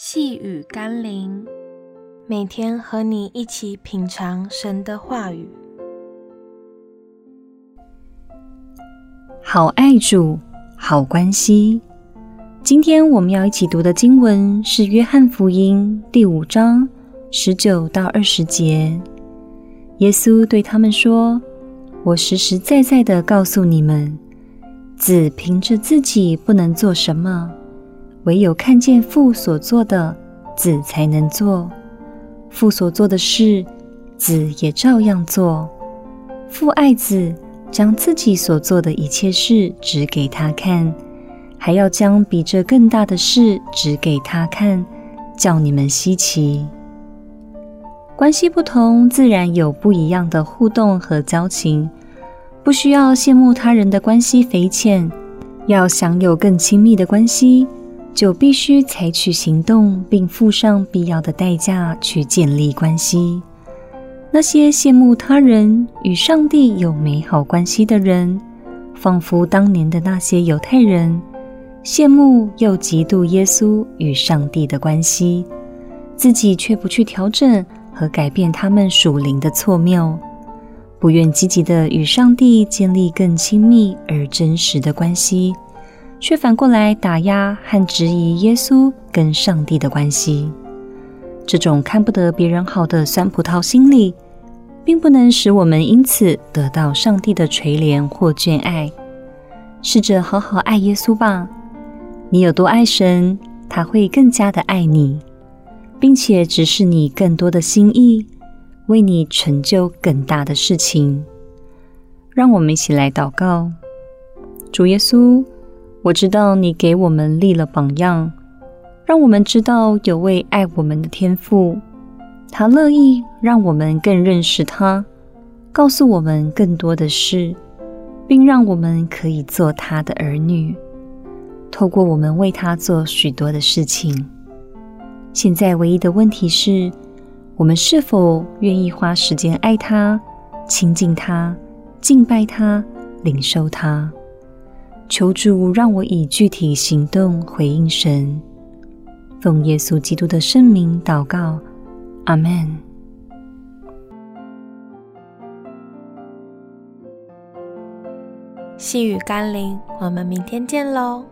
細語甘霖，每天和你一起品嘗神的話語。好愛主，好關係。今天我們要一起讀的經文是《約翰福音》第五章十九到二十節。耶穌對他們說：“我實實在在的告訴你們，子憑着自己不能做什麼。”唯有看見父所做的，子才能做；父所做的事，子也照樣做。父愛子，將自己所做的一切事指給他看，還要將比這更大的事指給他看，叫你們希奇。關係不同，自然有不一樣的互動和交情。不需要羨慕他人的關係匪淺，要想有更親密的關係。就必須採取行動，並付上必要的代價去建立關係。那些羨慕他人與上帝有美好關係的人，仿佛當年的那些猶太人，羨慕又嫉妒耶穌與上帝的關係，自己卻不去調整和改變他們屬靈的錯謬，不願積極的與上帝建立更親密而真實的關係。卻反過來打壓和質疑耶穌跟上帝的關係。這種看不得別人好的酸葡萄心理，並不能使我們因此得到上帝的垂憐或眷愛。試着好好愛耶穌吧，你有多愛神，他會更加地愛你，並且指示你更多的心意，為你成就更大的事情。讓我們一起來禱告：主耶穌。我知道你給我們立了榜樣，讓我們知道有位愛我們的天父，他樂意讓我們更認識他，告訴我們更多的事，並讓我們可以做他的兒女。透過我們為他做許多的事情，現在唯一的問題是我們是否願意花時間愛他、親近他、敬拜他、領受他？求主讓我以具體行動回應神。奉耶穌基督的聖名禱告，阿們！細語甘霖，我們明天見嘍。